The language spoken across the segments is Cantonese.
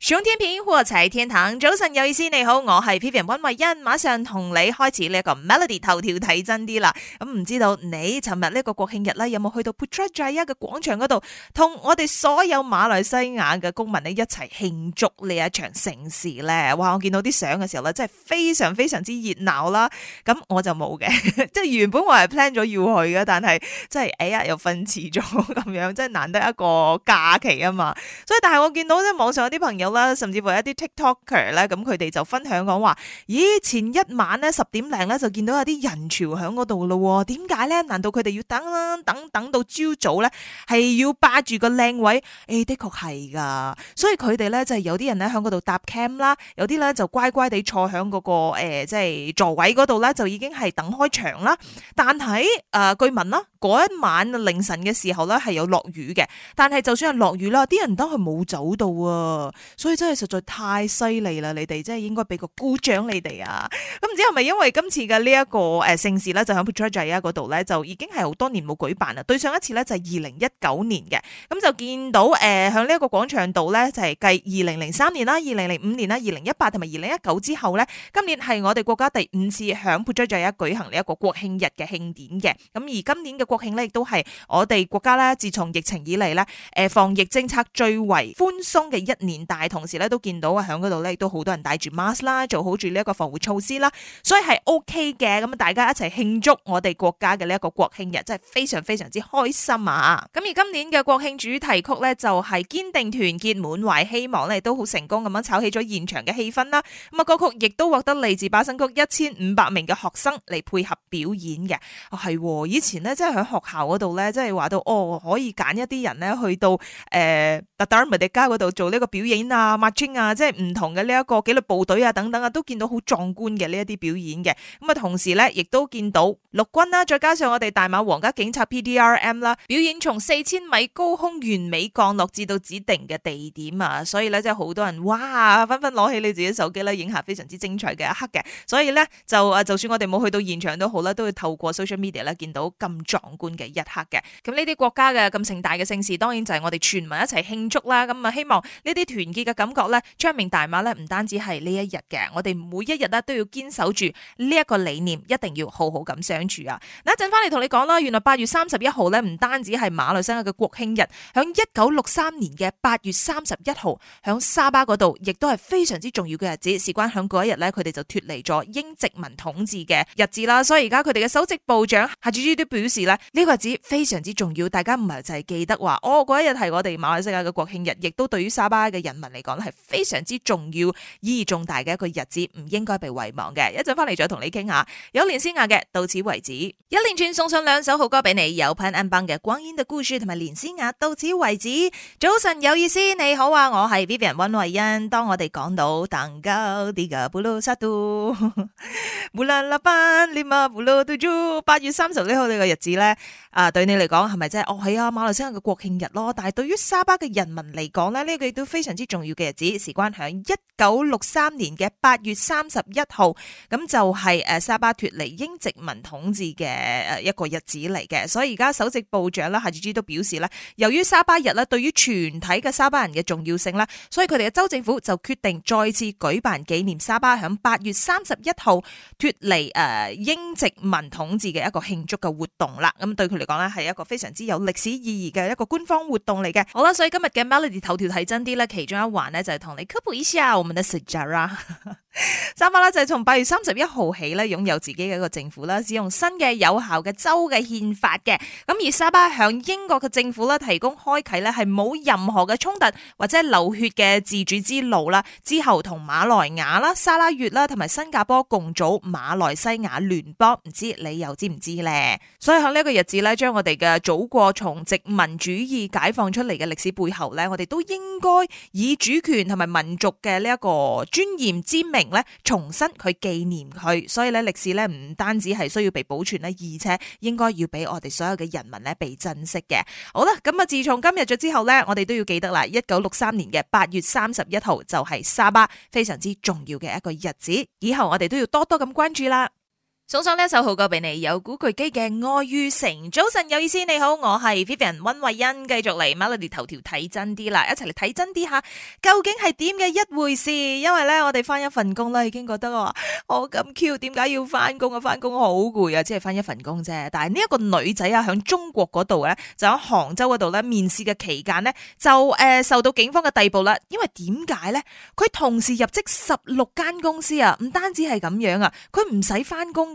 上天片或齊天堂，早晨有意思，你好，我係 Vivian 溫慧欣，馬上同你開始呢一個 Melody 頭條睇真啲啦。咁唔知道你尋日呢個國慶日咧，有冇去到 Putrajaya 嘅廣場嗰度，同我哋所有馬來西亞嘅公民呢一齊慶祝呢一場盛事咧？哇！我見到啲相嘅時候咧，真係非常非常之熱鬧啦。咁我就冇嘅，即 係原本我係 plan 咗要去嘅，但係即係哎呀又瞓遲咗咁樣，即係難得一個假期啊嘛。所以但係我見到呢網上有啲朋友。啦，甚至乎一啲 TikToker 咧，咁佢哋就分享講話：咦，前一晚咧十點零咧就見到有啲人潮喺嗰度咯，點解咧？難道佢哋要等等等到朝早咧？係要霸住個靚位？誒、欸，的確係噶，所以佢哋咧就係有啲人咧喺嗰度搭 cam 啦，有啲咧就乖乖地坐響嗰、那個誒、欸，即係座位嗰度啦，就已經係等開場啦。但係誒、呃，據聞啦，嗰一晚凌晨嘅時候咧，係有落雨嘅，但係就算係落雨啦，啲人都係冇走到啊。所以真係實在太犀利啦！你哋真係應該俾個鼓掌你哋啊！咁唔知係咪因為今次嘅呢一個誒、呃、盛事咧，就喺 Putrajaya 嗰度咧，就已經係好多年冇舉辦啦。對上一次咧就係二零一九年嘅，咁就見到誒喺、呃、呢一個廣場度咧，就係繼二零零三年啦、二零零五年啦、二零一八同埋二零一九之後咧，今年係我哋國家第五次響 Putrajaya 舉行呢一個國慶日嘅慶典嘅。咁而今年嘅國慶咧，亦都係我哋國家咧，自從疫情以嚟咧，誒防疫政策最為寬鬆嘅一年大。同時咧都見到啊，響度咧亦都好多人戴住 mask 啦，做好住呢一個防護措施啦，所以係 OK 嘅。咁啊，大家一齊慶祝我哋國家嘅呢一個國慶日，真係非常非常之開心啊！咁而今年嘅國慶主題曲咧，就係堅定團結，滿懷希望咧，都好成功咁樣炒起咗現場嘅氣氛啦。咁啊，歌曲亦都獲得嚟自巴生谷一千五百名嘅學生嚟配合表演嘅。係、哦哦，以前咧即係響學校度咧，即係話到哦，可以揀一啲人咧去到誒 Dataran Merdeka 度做呢個表演啦。啊 marching 啊，即係唔同嘅呢一個紀律部隊啊，等等啊，都見到好壯觀嘅呢一啲表演嘅。咁啊，同時咧，亦都見到陸軍啦，再加上我哋大馬皇家警察 PDRM 啦，表演從四千米高空完美降落至到指定嘅地點啊，所以咧，即係好多人哇，紛紛攞起你自己的手機咧，影下非常之精彩嘅一刻嘅。所以咧，就啊，就算我哋冇去到現場都好啦，都會透過 social media 啦見到咁壯觀嘅一刻嘅。咁呢啲國家嘅咁盛大嘅盛事，當然就係我哋全民一齊慶祝啦。咁啊，希望呢啲團結。嘅感覺咧，張明大馬咧唔單止係呢一日嘅，我哋每一日咧都要堅守住呢一個理念，一定要好好咁相處啊！嗱，一陣翻嚟同你講啦，原來八月三十一號咧，唔單止係馬來西亞嘅國慶日，響一九六三年嘅八月三十一號，響沙巴嗰度，亦都係非常之重要嘅日子，事關響嗰一日咧，佢哋就脱離咗英殖民統治嘅日子啦。所以而家佢哋嘅首席部長夏主知都表示咧，呢個日子非常之重要，大家唔係就係記得話，哦嗰一日係我哋馬來西亞嘅國慶日，亦都對於沙巴嘅人民嚟講係非常之重要、意義重大嘅一個日子，唔應該被遺忘嘅。回來跟聊，一陣翻嚟再同你傾下。有連詩雅嘅到此為止，一連串送上兩首好歌俾你。有潘安邦嘅《光陰的故事》同埋連詩雅到此為止。早晨有意思，你好啊，我係 Vivian 溫慧欣。當我哋講到蛋糕啲嘅布洛沙杜布蘭拉班連啊布洛杜朱，八月三十一號呢個日子咧，啊對你嚟講係咪真係？哦係啊，馬來西亞嘅國慶日咯。但係對於沙巴嘅人民嚟講咧，呢、這個亦都非常之重要。重要嘅日子，事關響一九六三年嘅八月三十一號，咁就係、是、誒沙巴脫離英殖民統治嘅誒一個日子嚟嘅。所以而家首席部長啦，夏志都表示啦，由於沙巴日咧對於全體嘅沙巴人嘅重要性啦，所以佢哋嘅州政府就決定再次舉辦紀念沙巴響八月三十一號脫離誒英殖民統治嘅一個慶祝嘅活動啦。咁對佢嚟講咧，係一個非常之有歷史意義嘅一個官方活動嚟嘅。好啦，所以今日嘅 Melody 頭條睇真啲咧，其中一。瓦呢，就同你科普一下我們的 CJ 啊。沙巴啦就係從八月三十一號起咧，擁有自己嘅一個政府啦，使用新嘅有效嘅州嘅憲法嘅。咁而沙巴向英國嘅政府咧提供開啟咧係冇任何嘅衝突或者流血嘅自主之路啦。之後同馬來亞啦、沙拉越啦同埋新加坡共組馬來西亞聯邦，唔知你又知唔知呢？所以喺呢個日子咧，將我哋嘅祖國從殖民主義解放出嚟嘅歷史背後咧，我哋都應該以主權同埋民族嘅呢一個尊嚴之名。重新去紀念佢，所以咧，歷史咧唔單止係需要被保存咧，而且應該要俾我哋所有嘅人民咧被珍惜嘅。好啦，咁啊自從今日咗之後咧，我哋都要記得啦，一九六三年嘅八月三十一號就係沙巴非常之重要嘅一個日子，以後我哋都要多多咁關注啦。送上呢一首好歌俾你，有古巨基嘅《愛與誠》。早晨有意思，你好，我係 Vivian 溫慧欣，繼續嚟 Melody 頭條睇真啲啦，一齊嚟睇真啲吓，究竟係點嘅一回事？因為咧，我哋翻一份工咧，已經覺得我咁 Q，點解要翻工啊？翻工好攰啊，即係翻一份工啫。但係呢一個女仔啊，響中國嗰度咧，就喺杭州嗰度咧面試嘅期間咧，就誒、呃、受到警方嘅逮捕啦。因為點解咧？佢同時入職十六間公司啊，唔單止係咁樣啊，佢唔使翻工。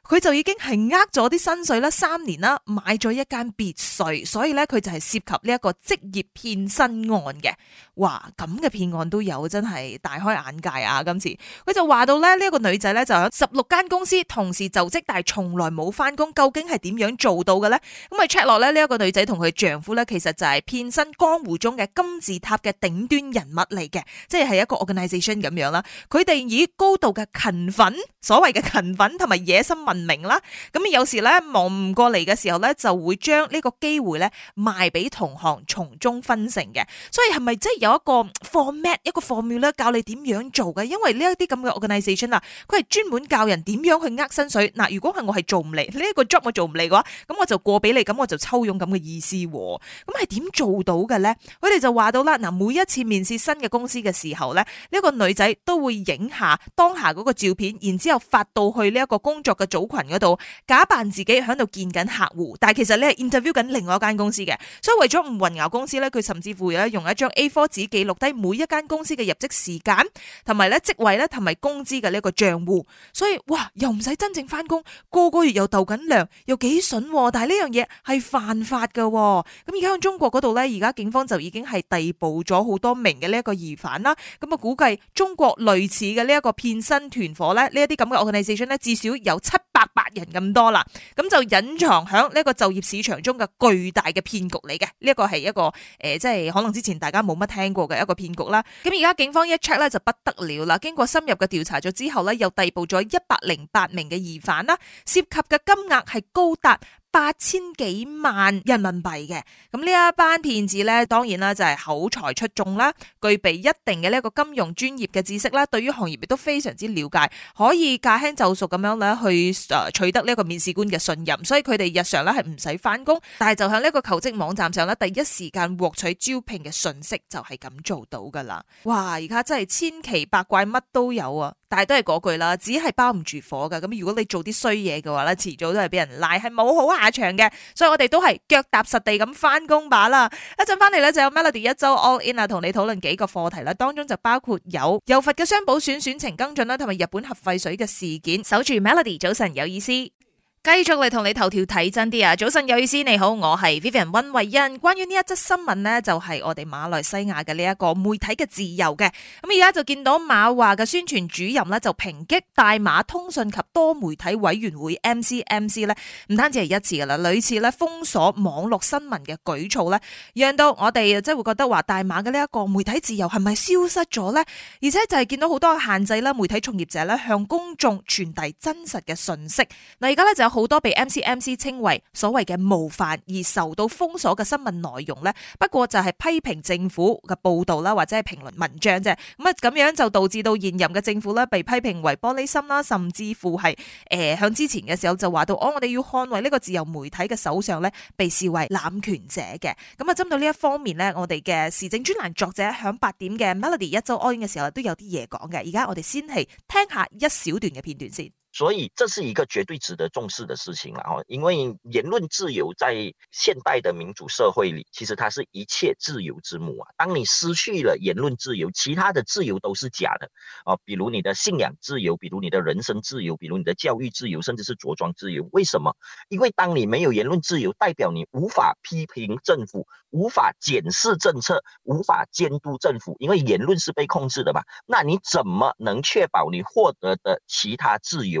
佢就已經係呃咗啲薪水啦，三年啦，買咗一間別墅，所以咧佢就係涉及呢一個職業騙薪案嘅。哇，咁嘅騙案都有，真係大開眼界啊！今次佢就話到咧，呢、這、一個女仔咧就喺十六間公司同時就職，但係從來冇返工，究竟係點樣做到嘅咧？咁咪 check 落咧，呢、這、一個女仔同佢丈夫咧，其實就係騙薪江湖中嘅金字塔嘅頂端人物嚟嘅，即係一個 organization 咁樣啦。佢哋以高度嘅勤奮，所謂嘅勤奮同埋野心問。明啦，咁有時咧忙唔過嚟嘅時候咧，就會將呢個機會咧賣俾同行，從中分成嘅。所以係咪即係有一個 format 一個 formula 教你點樣做嘅？因為呢一啲咁嘅 organization 啊，佢係專門教人點樣去呃薪水。嗱，如果係我係做唔嚟呢一個 job，我做唔嚟嘅話，咁我就過俾你，咁我就抽佣咁嘅意思。咁係點做到嘅咧？佢哋就話到啦，嗱，每一次面試新嘅公司嘅時候咧，呢一個女仔都會影下當下嗰個照片，然之後發到去呢一個工作嘅組群度假扮自己喺度見緊客戶，但係其實你係 interview 緊另外一間公司嘅，所以為咗唔混淆公司咧，佢甚至乎咧用一張 A4 紙記錄低每一間公司嘅入職時間同埋咧職位咧同埋工資嘅呢一個賬戶，所以哇又唔使真正返工，個個月又鬥緊糧又幾筍，但係呢樣嘢係犯法噶，咁而家喺中國嗰度咧，而家警方就已經係逮捕咗好多名嘅呢一個疑犯啦，咁啊估計中國類似嘅呢一個騙薪團伙咧，呢一啲咁嘅 organization 咧，至少有七百。八人咁多啦，咁就隱藏響呢個就業市場中嘅巨大嘅騙局嚟嘅，呢、呢個係一個誒，即、呃、係可能之前大家冇乜聽過嘅一個騙局啦。咁而家警方一 check 咧就不得了啦，經過深入嘅調查咗之後咧，又逮捕咗一百零八名嘅疑犯啦，涉及嘅金額係高達，八千幾萬人民幣嘅，咁呢一班騙子咧，當然啦就係口才出眾啦，具備一定嘅呢一個金融專業嘅知識啦，對於行業亦都非常之了解，可以駕輕就熟咁樣咧去誒取得呢個面試官嘅信任，所以佢哋日常咧係唔使翻工，但係就喺呢個求職網站上咧，第一時間獲取招聘嘅信息就係咁做到噶啦。哇，而家真係千奇百怪，乜都有啊！但係都係嗰句啦，只係包唔住火噶。咁如果你做啲衰嘢嘅話咧，遲早都係俾人賴，係冇好下場嘅。所以我哋都係腳踏實地咁翻工吧啦。一陣翻嚟咧就有 Melody 一周 All In 啊，同你討論幾個課題啦，當中就包括有油佛嘅雙保選選情跟進啦，同埋日本核廢水嘅事件。守住 Melody 早晨有意思。繼續嚟，同你頭條睇真啲啊！早晨有意思，你好，我係 Vivian 溫慧欣。關於呢一則新聞呢，就係、是、我哋馬來西亞嘅呢一個媒體嘅自由嘅。咁而家就見到馬華嘅宣傳主任呢，就抨擊大馬通訊及多媒體委員會 MCMC 呢，唔單止係一次噶啦，屢次封鎖網絡新聞嘅舉措呢，讓到我哋即係會覺得話大馬嘅呢一個媒體自由係咪消失咗呢？而且就係見到好多限制啦，媒體從業者呢向公眾傳遞真實嘅信息。嗱，而家呢就。好多被 MCMC 稱為所謂嘅冒犯而受到封鎖嘅新聞內容呢，不過就係批評政府嘅報道啦，或者係評論文章啫。咁啊，咁樣就導致到現任嘅政府呢被批評為玻璃心啦，甚至乎係誒，響之前嘅時候就話到，哦，我哋要捍衛呢個自由媒體嘅首相呢，被視為濫權者嘅。咁啊，針對呢一方面呢，我哋嘅時政專欄作者響八點嘅 Melody 一周安嘅時候都有啲嘢講嘅。而家我哋先係聽下一小段嘅片段先。所以這是一個絕對值得重視的事情啊、哦，因為言論自由在現代的民主社會裏，其實它是一切自由之母啊。當你失去了言論自由，其他的自由都是假的哦、啊，比如你的信仰自由，比如你的人身自由，比如你的教育自由，甚至是着裝自由。為什麼？因為當你沒有言論自由，代表你無法批評政府，無法檢視政策，無法監督政府，因為言論是被控制的嘛。那你怎麼能確保你獲得的其他自由？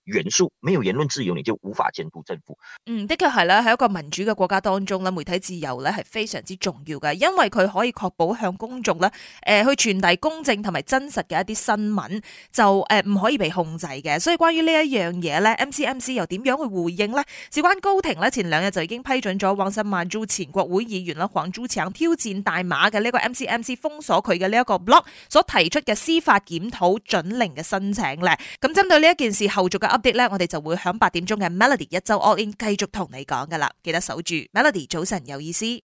元素沒有言論自由，你就無法監督政府。嗯，的確係啦，喺一個民主嘅國家當中咧，媒體自由咧係非常之重要嘅，因為佢可以確保向公眾咧，誒、呃、去傳遞公正同埋真實嘅一啲新聞，就誒唔、呃、可以被控制嘅。所以關於呢一樣嘢咧，M C M C 又點樣去回應咧？事關高庭咧，前兩日就已經批准咗旺沙瑪朱前國會議員啦，黃朱強挑戰大馬嘅呢個 M C M C 封鎖佢嘅呢一個 blog 所提出嘅司法檢討准，准令嘅申請咧。咁針對呢一件事後續嘅我哋就會喺八點鐘嘅 Melody 一周 All In 繼續同你講㗎喇，記得守住 Melody, 早晨有意思。